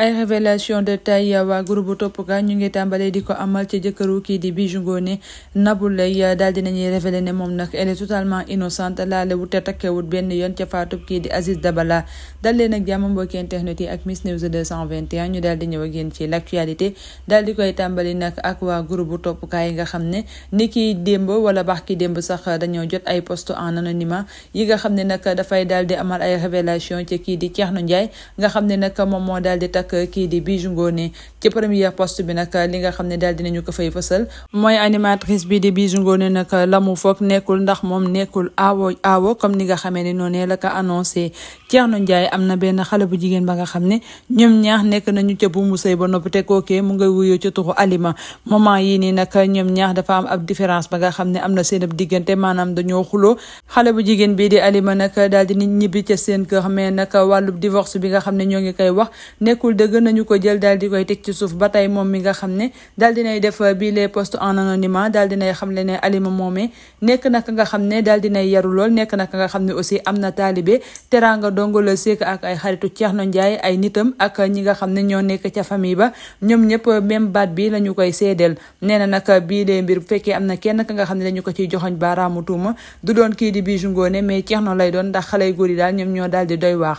ay révélation de taille waa groupe Top Cas ñu ngi tàmbalee di ko amal ci jëkkëru kii di Bijou Ngoné Nabou Leye daal dinañuy révélé ne moom nag elle est totalement innocente laale wut te takkewut benn yoon ca faatub kii di Aziz Dabala dal leen ak jàmm mbokki internet yi ak Miss News 221 ñu daal di ñëw ak yéen ci l'actualité daal di koy tàmbali nag ak waa groupe bu Cas yi nga xam ne ni ki démb wala baax ki démb sax dañoo jot ay post en anonymat yi nga xam ne nag dafay daal di amal ay révélation ci kii di Thierno Ndiaye nga xam ne nag moom moo daal di takk nag eh, kii di Bijou Ngoné ci premier post bi nag eh, li nga xam ne daal dinañu ko fay fësal mooy animatrice bi di Bijou Ngoné nag eh, la mu foog nekkul ndax moom nekkul aawo aawo comme ni nga xamee ne noonu la ko annoncé Thierno Ndiaye am na benn xale bu jigéen ba nga xam ne ñoom ñaax nekk nañu ca bu mu sëy ba noppi te kookee mu ngay wuyoo ca tuxu alima moment yi nii nag ñoom ñaax dafa am ab différence ba nga xam ne am na seen ab diggante maanaam dañoo xuloo xale bu jigéen bii di alima nag daal di nit ñibbi ca seen kër mais nag wàllub divorce bi nga xam ne ñoo ngi koy wax nekkul dëgg nañu ko jël daal di koy teg ci suuf ba tey moom mi nga xam ne daal dinay def bii les postes en anonymat daal dinay xam le ne alima moomee nekk naka nga xam ne daal nay yaru lool nekk naka nga xam ne aussi am na taalibe teranga dongo la seek ak ay xaritu ceex Thierno njaay ay nitam ak ñi nga xam ne ñoo nekk ca famille ba ñoom ñëpp même baat bi la ñu koy seedeel nee na nag bii dee mbir bu fekkee am na kenn ka nga xam ne dañu ko ciy joxoñ baaraamu tuuma du doon kii di ngoone Ngoné ceex Thierno lay doon ndax xale yu yi daal ñoom ñoo daal di doy waax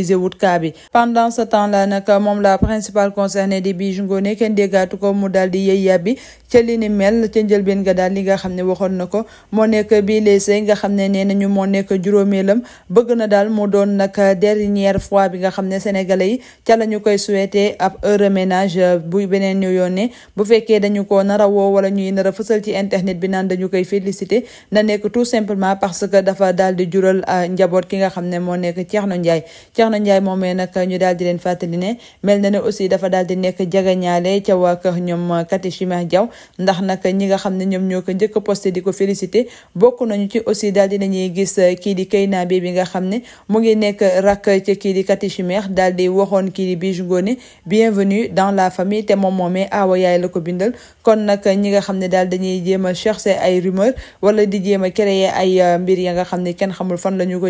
maîtriser wut cas bi pendant ce temps là nag moom la principale concernée di Bijou Ngoné kenn déggaatu ko mu daal di yëy yàbbi ca li ni mel ca njëlbeen ga daal li nga xam ne waxoon na ko moo nekk bii leesey nga xam ne nee nañu moo nekk juróomeelam bëgg na daal mu doon nag dernière fois bi nga xam ne sénégalais yi ca koy souhaité ab heureux ménage euh, bu beneen ñu yónnee bu fekkee dañu ko nar a wala ñuy nar a ci internet bi naan dañu koy félicité na nekk tout simplement parce que dafa daal di jural euh, njaboot ki nga xam ne moo nekk Thierno Soxna Njaay moomee nag ñu daal leen fàttali ne mel na aussi dafa daal di nekk jagañaale ca waa kër ñoom Kati Chimère Diaw ndax nag ñi nga xam ne ñoom ñoo ko njëkk a posté di ko félicité bokk nañu ci aussi daal di nañuy gis euh, kii di Keyna bi bi nga xam ne mu ngi nekk rak ci kii di Kati Chimère daal di waxoon kii di Bijou Ngoné bienvenue dans la famille te moom moomee aawa yaay la ko bindal kon nag ñi nga xam ne daal dañuy jéem a chercher ay rumeur wala di jéem a créer ay euh, mbir ya xam ne kenn xamul fan la ko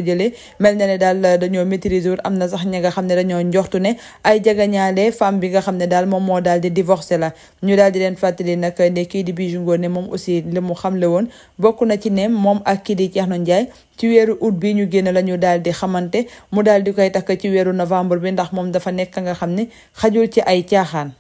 am na sax ñi nga xam ne dañoo njoxtu ne ay jagañaale femme bi nga xam ne daal moom moo daal di divorcé la ñu daal di leen fàttali nag ne kii di Bijou Ngoné moom aussi li mu le woon bokk na ci ne moom ak kii di Thierno Ndiaye ci weeru août bi ñu génn la daal di xamante mu daal di koy takk ci weeru novembre bi ndax moom dafa nekk nga xam ne xajul ci ay caaxaan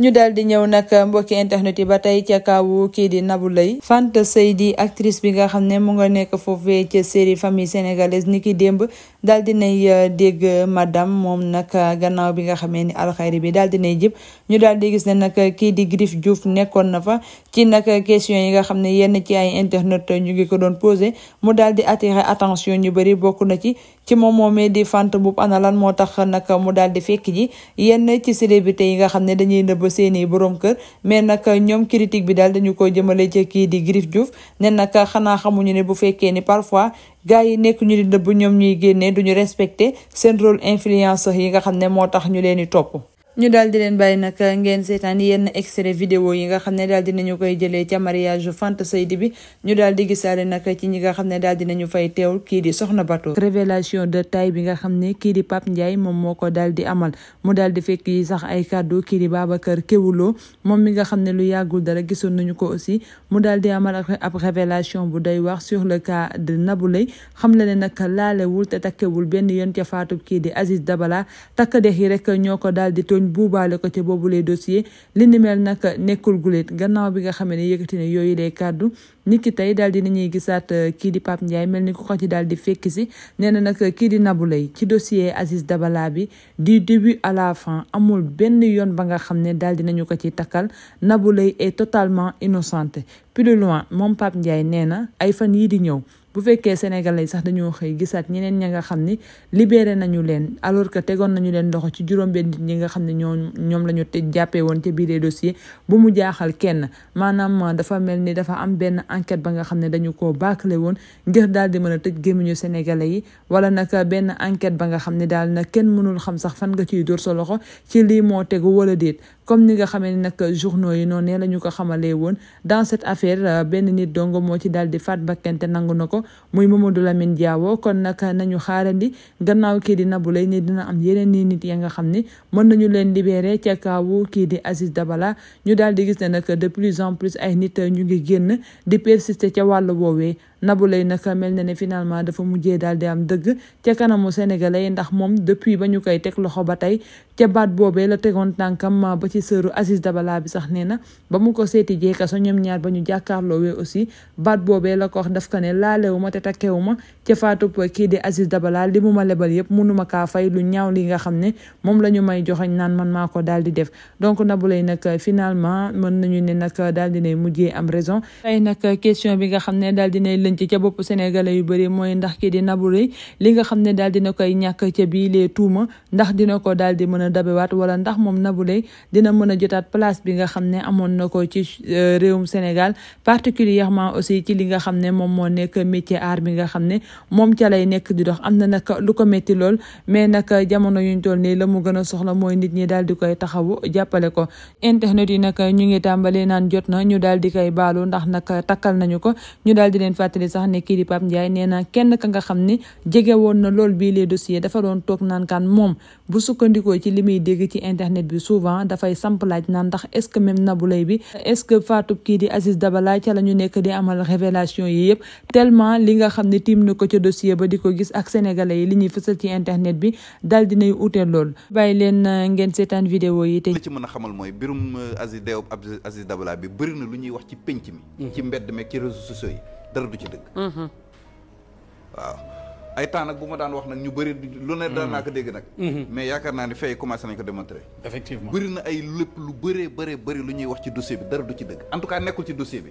ñu daal di ñëw nag mbokki internet yi ba tey ca kaawu kii di Nabou Leye Fanta Seydi actrice bi nga xam ne mu nga nekk foofee ca série famille sénégalaise ni ki démb daal dinay euh, dégg madame moom nag euh, gannaaw bi nga xamee ni alxayri bi daal dinay jib ñu daal di gis ne nag euh, kii di Griff Diouf nekkoon na fa ci nag question yi nga xam ne yenn ci ay internet ñu ngi ko doon posé mu daal di attirer attention ñu bëri bokk na ci ci moom moomee di fant bu ana lan moo tax nag mu daal di fekk ji yenn ci célébrité yi nga xam ne dañuy nëbb seeni borom kër mais nag ñoom critique bi daal dañu ko jëmale ci kii di Griff Diouf ne nag xanaa xamuñu ne bu fekkee ni parfois gars yi nekk ñu di nëbb ñoom ñuy génnee duñu respecté seen rôle influenceur yi nga xam ne moo tax ñu leen di topp ñu daal di leen bàyyi nag ngeen seetaan yenn extrait vidéo yi nga xam ne daal dinañu koy jëlee ca mariage Fanta Seydi bi ñu daal di gisaale nag ci ñi nga xam ne daal dinañu fay teew kii di Soxna Bato révélation de tay bi nga xam ne kii di Pape Ndiaye moom moo ko daal di amal mu daal di fekk yi sax ay kàddu kii di kër kewuloo moom mi nga xam ne lu yàggul dara gisoon nañu ko aussi mu daal di amal ab révélation bu day wax sur le cas de Naboulay xam la ne nag laalewul te takkewul benn yoon ca faatub kii di Aziz Dabala takk dex buubaale ko ca boobulee dossier li ni mel nag nekkul guléet gannaaw bi nga ne yëkkati ne yooyu lay kàddu nit ki tey daal di nañuy gisaat euh, kii di Pape Ndiaye mel ni ko ci daal di fekki na nag kii di Nabou ci dossier Aziz Dabala bi du début à la fin amul benn yoon ba nga xam ne daal di ko ci takkal Nabou est totalement innocente plus loin moom Pape Ndiaye nee ay fan di ñëw bu fekkee yi sax dañoo xëy gisaat ñeneen ña nga xam ni libéré nañu leen alors que tegoon nañu leen loxo ci juróom-benn nit ñi nga xam ne ñoo ñoom lañu ñu te jàppee woon ca biir dossier bu mu jaaxal kenn maanaam dafa mel ni dafa am benn enquête ba nga xam ne dañu ko bâclé woon ngir daal di mën a tëj gémmiñu sénégalais yi wala nag benn enquête ba nga xam ne daal na kenn mënul xam sax fan nga ciy dóor sa loxo ci lii moo tegu wala déet comme ni nga xamee ne nag journaux yi noonu nee la ko xamalee woon dans cette affaire euh, benn nit dong moo ci daal di faat bakkente nangu na ko muy Mamadou Lamine Diawo kon nag nañu xaarandi gannaaw kii di nabu Leye ni dina am yeneen nii nit ya nga xam ni mën nañu leen libéré ca kaawu kii di Aziz Dabala ñu daal di gis ne nag de plus en plus ay nit ñu ngi génn di persister ca wàll woowee Nabou Leye naka mel na ne finalement dafa mujjee daal di am dëgg ca kanamu sénégalais yi ndax moom depuis ba ñu koy teg loxo ba tey ca baat boobee la tegoon tànkam ba ci sëru Aziz Dabala bi sax nee na ba mu ko seeti jeeka so ñoom ñaar ba ñu jàkkaarloowee aussi baat boobee la ko wax daf ko ne laalewu ma te takkewu ma ca faatub kii di Aziz Dabala li mu ma lebal yëpp munuma kaa fay lu ñaaw li nga xam ne moom la ñu may joxañ naan man maa ko daal di def donc Nabou Leye nag finalement mën nañu ne nag daal dinay mujjee am raison denc ca bopp sénégalais yu bëri mooy ndax ki di Nabou Reye li nga xam ne daal dina koy ñàkk ca bii lee tuuma ndax dina ko daal di mën a dabewaat wala ndax moom Nabou Reye dina mën a jotaat place bi nga xam ne amoon na ko ci euh, réewum Sénégal particulièrement aussi ci li nga xam ne moom moo nekk métier aar bi nga xam ne moom ca lay nekk di dox am na nag lu ko métti lool mais nag jamono yuñ toll nii la mu gën a soxla mooy nit ñi daal di koy taxawu jàppale ko internet yi nag ñu ngi tàmbali naan jot na ñu daal di koy baalu ndax nag fàttali sax ne kii di Pape Ndiaye nee na kenn ka nga xam ne jege woon na lool bii les dossier dafa doon toog naan moom bu sukkandikoo ci li muy dégg ci internet bi souvent dafay samp laaj naan ndax est-ce que même Nabou bi est-ce que faatub kii di Aziz Dabala ca la ñu nekk di amal révélation yi yëpp tellement li nga xam ne tiim na ko ca dossier ba di ko gis ak sénégalais yi li ñuy fësal ci internet bi daal dinay utee lool bàyyi leen euh, ngeen seetaan vidéo yi te ci mën a xamal mooy birum euh, Aziz Dabala bi bëri na lu ñuy wax ci pénc mi mm-hmm. ci mbedd meeg ci réseaux sociaux dara du ci dëgg. Mm-hmm. waaw ay temps bu ma daan wax nag ñu bëri lu ne daan naa ko dégg nag. Mm-hmm. mais yaakaar naa ne fay commencé nañ ko démontrer. effectivement na ay lépp lu bëree bëree bëri lu ñuy wax ci dossier bi dara du ci dëgg en tout cas nekkul ci dossier bi.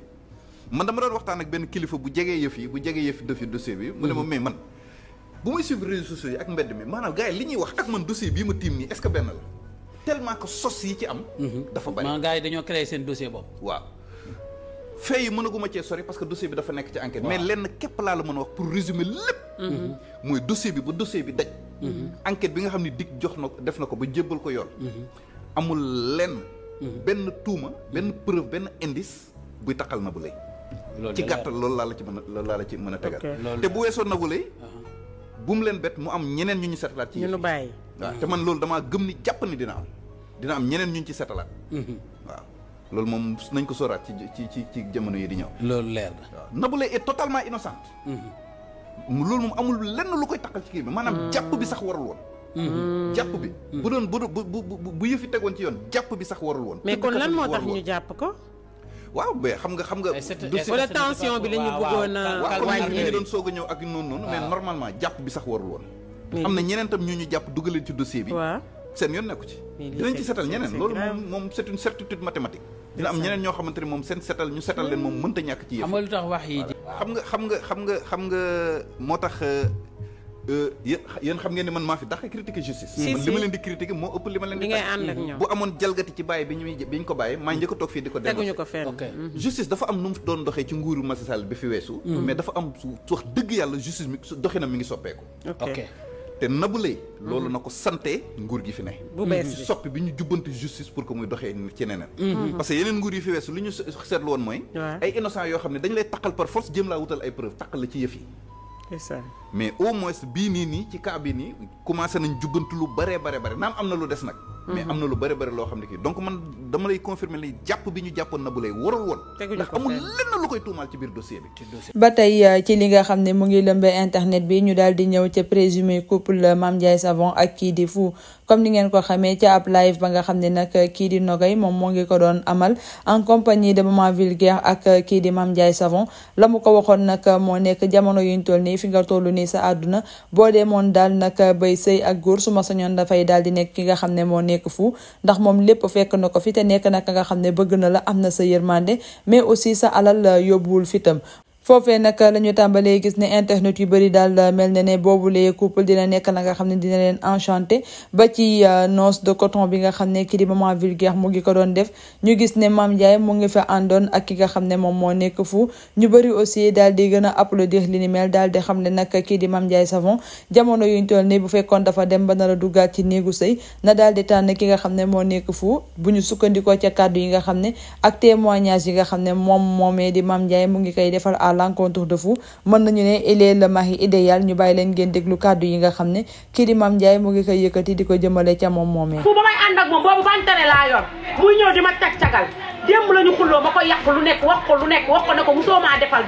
man dama doon waxtaan ak benn kilifa bu jegee yëf yi bu jegee yëf yi dossier bi. mu ne ma mm-hmm. mais man bu may suivre réseaux sociaux yi ak mbedd mi maanaam gars yi li ñuy wax ak man dossier bii ma tiim nii est benn yi ci am. dafa yi dañoo seen dossier boobu fee yi mënaguma cee sori parce que dossier bi dafa nekk ci enquête mais lenn képp laa la mën a wax pour résumer lépp mhm. mooy dossier bi ba dossier bi daj mhm. enquête bi nga xam ne dig jox na ko def na ko ba jébbal ko yoon mhm. amul lenn benn tuuma benn preuve benn indice buy taqal na bu lay ci gàttal loolu laa la ci mën a loolu laa la ci mën a tegal te bu weesoo na bu lay uh-huh. bu mu leen bet mu am ñeneen ñu ñu setalaat ci ñu nu bàyyi waaw te man loolu damaa gëm ni jàpp ni dina am dina am ñeneen ñu ci setalaat loolu moom nañ ko sóoraat ci ci ci ci jamono yi di ñëw. loolu leer na. Nabou Leye est totalement innocente. Mm-hmm. loolu moom amul lenn lu koy takkal ci kii bi maanaam mm-hmm. jàpp bi sax warul woon. Mm-hmm. jàpp bi. bu doon bu bu bu ci yoon jàpp bi sax warul woon. mais kon lan moo tax ñu jàpp ko. waaw mais xam nga xam nga. wala tension bi la ñu bëggoon a. Euh, wàññi ñu ngi doon soog a ñëw ak noonu noonu. mais ah. normalement jàpp bi sax warul woon. am ne ñeneen tam ñu ñu jàpp dugaleen ci dossier bi. seen yoon nekku ci. dinañ ci seetal ñeneen loolu moom moom c'est dina am ñeneen ñoo xamante ne moom seen setal ñu setal leen moom mm. mënta ñàkk ci yëf. xam nga xam nga xam nga xam nga xam nga moo tax euh, euh, yéen xam ngeen ne man maa fi dax critiquer justice. man li ma leen di critiquer moo ëpp li ma leen di. ànd ak mm-hmm. bu amoon jalgati ci bàyyi bi ñuy bi ñu ko bàyyi maa njëkk a toog fii di ko. teguñu ko mm-hmm. justice dafa am nu mu doon doxee ci nguuru Macky Sall bi fi weesu. Mm-hmm. mais dafa am su wax dëgg yàlla justice mi doxinam mi ngi soppeeku. te Nabou Leye mhm. loolu na ko sante nguur gi fi ne mhm. soppi bi ñu jubbanti justice pour que muy doxee ci neneen mhm. parce que yeneen nguur yi fi weesu li ñu seetlu woon mooy ay innocent yoo xam ne dañ lay taqal par force jéem laa wutal ay preuve taqal la ci yëf yi mais au moins bii nii nii ci cas bi nii commencé nañ jubbanti lu bare bare bare naam am na lu des nag mais mhm. am na lu bëri bëri loo xam ne kii donc man dama lay confirmer li jàpp bi ñu jàppoon na bu lay warul woon ndax amul lenn lu koy tuumaal ci biir dossier bi ba tey euh, ci li nga xam ne mu ngi lëmbe internet bi ñu daal di ñëw ca présumé couple Mame Ndiaye Savon ak kii di Fou comme ni ngeen ko xamee ca ab live ba nga xam ne nag kii di Nogay moom moo ngi ko doon amal en compagnie de Maman Vulgaire ak kii di Mame Ndiaye Savon la mu ko waxoon nag moo nekk jamono yuñ toll nii fi nga toll nii sa àdduna boo dee moon daal nag bay sëy ak góor su ma sañoon dafay daal di nekk ki nga xam ne moo nekk fu ndax moom lépp fekk na ko fi te nekk nag nga xam ne bëgg na la am na sa yërmande mais aussi sa alal yóbbuwul fitam foofee nag la ñu tàmbalee gis ne internet yu bëri daal mel na ne boobulee couple dina nekk la nga xam ne dina leen enchanté ba ci euh, noce de coton bi nga xam ne kii di maman vulgaire mu ngi ko doon def ñu gis ne Mame Ndiaye mu ngi fa àndoon ak ki nga xam ne moom moo nekk fu ñu bëri aussi daal di gën a applaudir li ni mel daal di xam ne nag kii di Mame Ndiaye Savon jamono yuñ toll nii bu fekkoon dafa dem ba nar a duggaat ci néegu sëy na dal di tànn ki nga xam ne moo nekk fu bu ñu sukkandikoo ca kaddu yi nga xam ne ak témoignage yi nga xam ne moom moomee di Mame Ndiaye mu ngi koy defal àll l'encontre de fou mën nañu ne il est le ñu bàyyi leen ngeen déglu kàddu yi nga xam ne kii di Mame Ndiaye mu ngi koy yëkkati di ko jëmale ca moom moomee bu ba may ànd ak moom boobu bantane laa yor muy ñëw di ma cag-cagal démb la ñu ma ko yàq nekk wax ko nekk wax ko ne ko musoo maa defal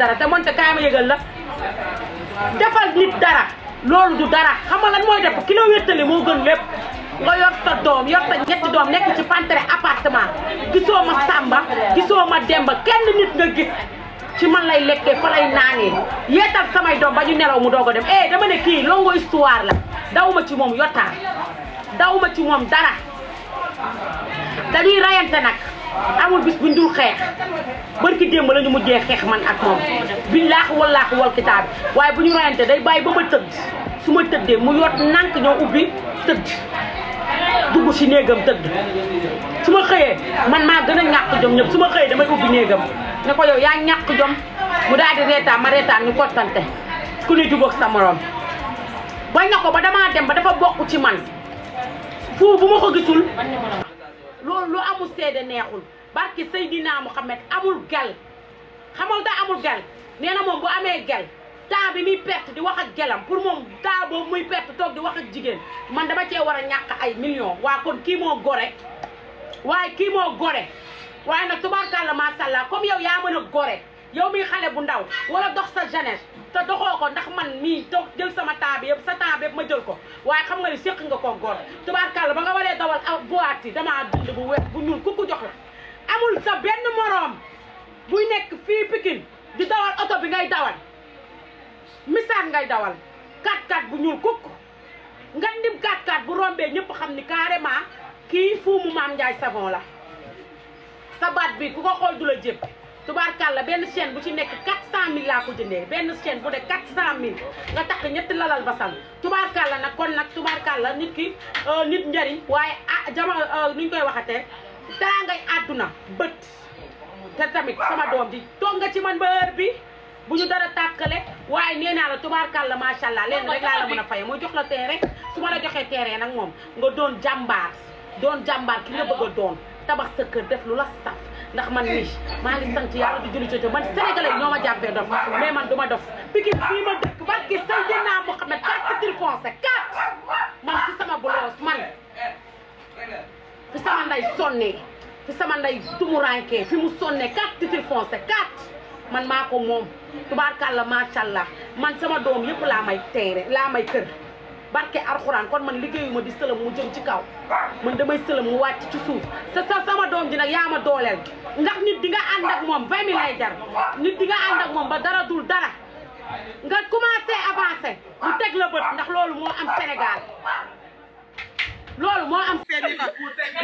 nekk ci pantere appartement gisoo ma Samba gisoo ma Demba kenn nit nga gis ci man lay lekkee fa lay naanee yeetal samay doom ba ñu nelaw mu doog a dem eh dama ne kii longo histoire la daw ma ci moom yottaar daw ma ci moom dara dañuy rayante nag amul bis buñ dul xeex barki démb la ñu mujjee xeex man ak moom billaax wallaax wal kitaab waaye bu ñu rayante day bàyyi ba ma tëdd su ma tëddee mu yot nànk ñoo ubbi tëdd dugg si néegam tëdd su ma xëyee man maa gën a ñàkk jom ñëpp su ma xëyee damay ubbi néegam ne ko yow yaa ñàkk jom mu daa di reetaan ma reetaan ñu kottante ku ne jubóog sa moroom bañ na ko ba damaa dem ba dafa bokk ci man fuu bu ma ko gisul loolu lu amul seede neexul barki Seydina Muhammad amul gal xamal da amul gel nee na moom bu amee gel temps bi muy perte di wax ak gelam pour moom taaboo boobu muy perte toog di wax ak jigéen man dama cee war a ñàkk ay millions waa kon kii moo gore waaye kii moo gore waaye nag tubaarkàlla macha allah comme yow yaa man a gore yow miy xale bu ndaw wala dox sa jeunesse te doxoo ko ndax man mii toog jël sama temps yëpp sa temps bi ma jël ko waaye xam nga ni séq nga ko góor tubaarkàlla ba nga waree dawal ak boîte yi damaa dund bu wér bu ñuul ku ko jox la amul sa benn moroom nekk fii Pikine di bi ngay dawal Misal ngay dawal kat kat bu ñul kuk nga ndim kat kat bu rombe ñepp xamni ni carrément kii fuumu mam jaay savon la sa bat bi ku ko xol dula jep jëpp tubaarkàlla benn chaîne bu ci nek 400000 la ko jëndee ben chaîne bu dee 400000 nga takk ñetti lalal basal tubaarkàlla nak kon tubar tubaarkàlla nit ki euh, nit njariñ waye ah, jama jamono euh, nuñ koy waxatee daa ngay aduna beut té tamit sama doom di toog nga ci man beur bi bu ñu dara tàkkale waaye nee naa la tubaarkàlla macha allah leen rek laa la mën a faye mooy jox la terrain rek su ma la joxee terrain nag moom nga doon jàmbaar doon jàmbaar ki nga bëgg a doon tabax sa kër def lu la saf ndax man nii maa ngi sant yàlla di julli cooco man sénégalais ñoo ma jàppee dof mais man du ma dof pikin fii ma dëkk barke say dinaa Mouhamed quatre triponsé quatre man ci sama bloos man fi sama nday sonnee fi sama nday tumurankee fi mu sonnee quatre titre foncé quatre man maa ko moom tubaarkàlla macha allah man sama doom yëpp laa may teere laa may kër barke arxuraan kon man liggéeyuma di sëlëm mu jëm ci kaw man damay sëlëm mu wàcc ci suuf sa sa sama doom ji nag yaa ma dooleel ndax nit di nga ànd ak moom vingt jar nit di nga ànd ak moom ba dara dul dara nga commencé avancé mu teg la bët ndax loolu moo am Sénégal loolu moo am Sénégal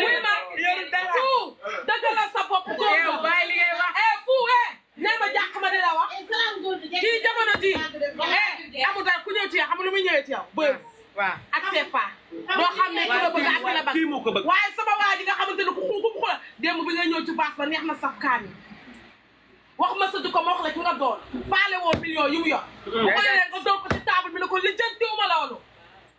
muy ma yoru dara sa bopp góor yow bàyyi li ngay wax eh, eh. ne ma jàq ma di la wax eh, kii jamono ji eh amul daal ku ñëw ci yow xam lu muy ñëwee ci yow bër waaw ak CFA doo xam ne ki la bëgg ak ki la bëgg waaye sama waa ji nga xamante ne ku xul ku xula démb bi nga ñëw ci baas ba neex na saf kaani wax ma sëdd ko ma wax la ci nga doon faale woo million yu mu yor bu mm. ko leen nga doon ko ci table bi ne ko lijjantiwuma loolu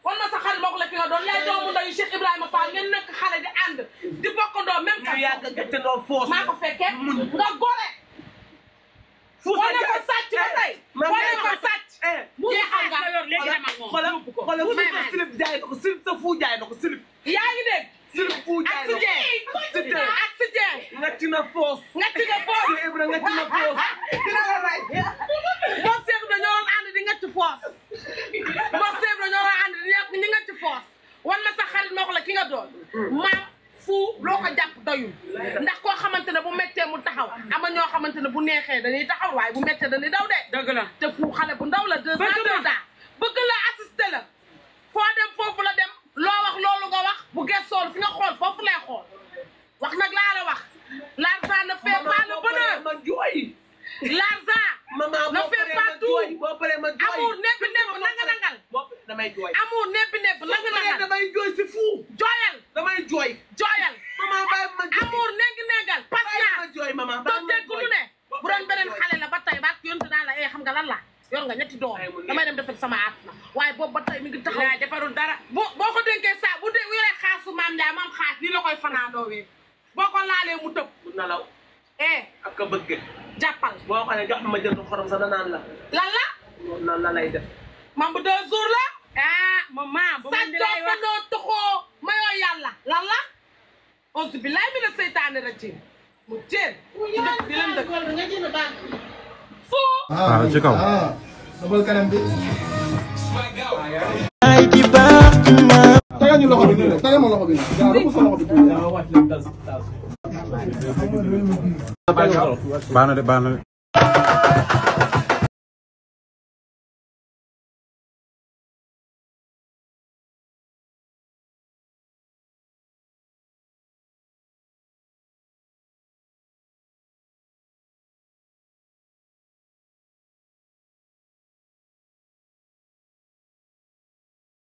wan ma sa xarit ma wax la fi nga doon yaay doomu ndayu Cheikh Ibrahima Fall ngeen nekk xale di ànd di bokkandoo même maa ko fekkee nga gore suusa jaay ko sàcc ba tey. Eh, man ko sàcc. Eh, mu ngi xaar nga yor léegi dem ak moom yóbbu ko xoolal xoolal silip jaay na ko silip sa fu jaay na ko silip. yaa ngi dégg. silip fu jaay na ko ak si jeex. nga tina foos. nga tina foos. nga tina foos. dina la rey. moom Seydou dañoo doon ànd di nga ci foos. moom Seydou dañoo doon ànd di nga ci foos. wan ma sa xarit ma wax la ki nga doon. Hmm. maam fu loo ko jàpp ขาอามันยอเขามันจะนบุญเนี่ยแค่เดี๋ยวนี้จะเข้าไหวบุญแม่เธอเดี๋ยวนี้เดาเด็ดเดี๋ยวกันนะจะผูกขาดบุญเดาเลยเดี๋ดวนี้เด้า mi ngi taxaw bu dee yoree xaasu maam Ndiaye maam xaas nii la koy fanaandoowee boo ko laalee bu nalaw. eh ak ka bëgge. jàppal boo la. bu deux jours la. ah maman bu ma di lay wax sa doo toxoo mayoo yàlla lan la. on se bilaay mi la seytaane rajim mu jéem. ci dëkk ah ci kaw. dabal tegal ñu loxo bi nii rek tegal ma loxo bi nii waaw rëbb sa loxo bi tuuti. baax na de baax na de.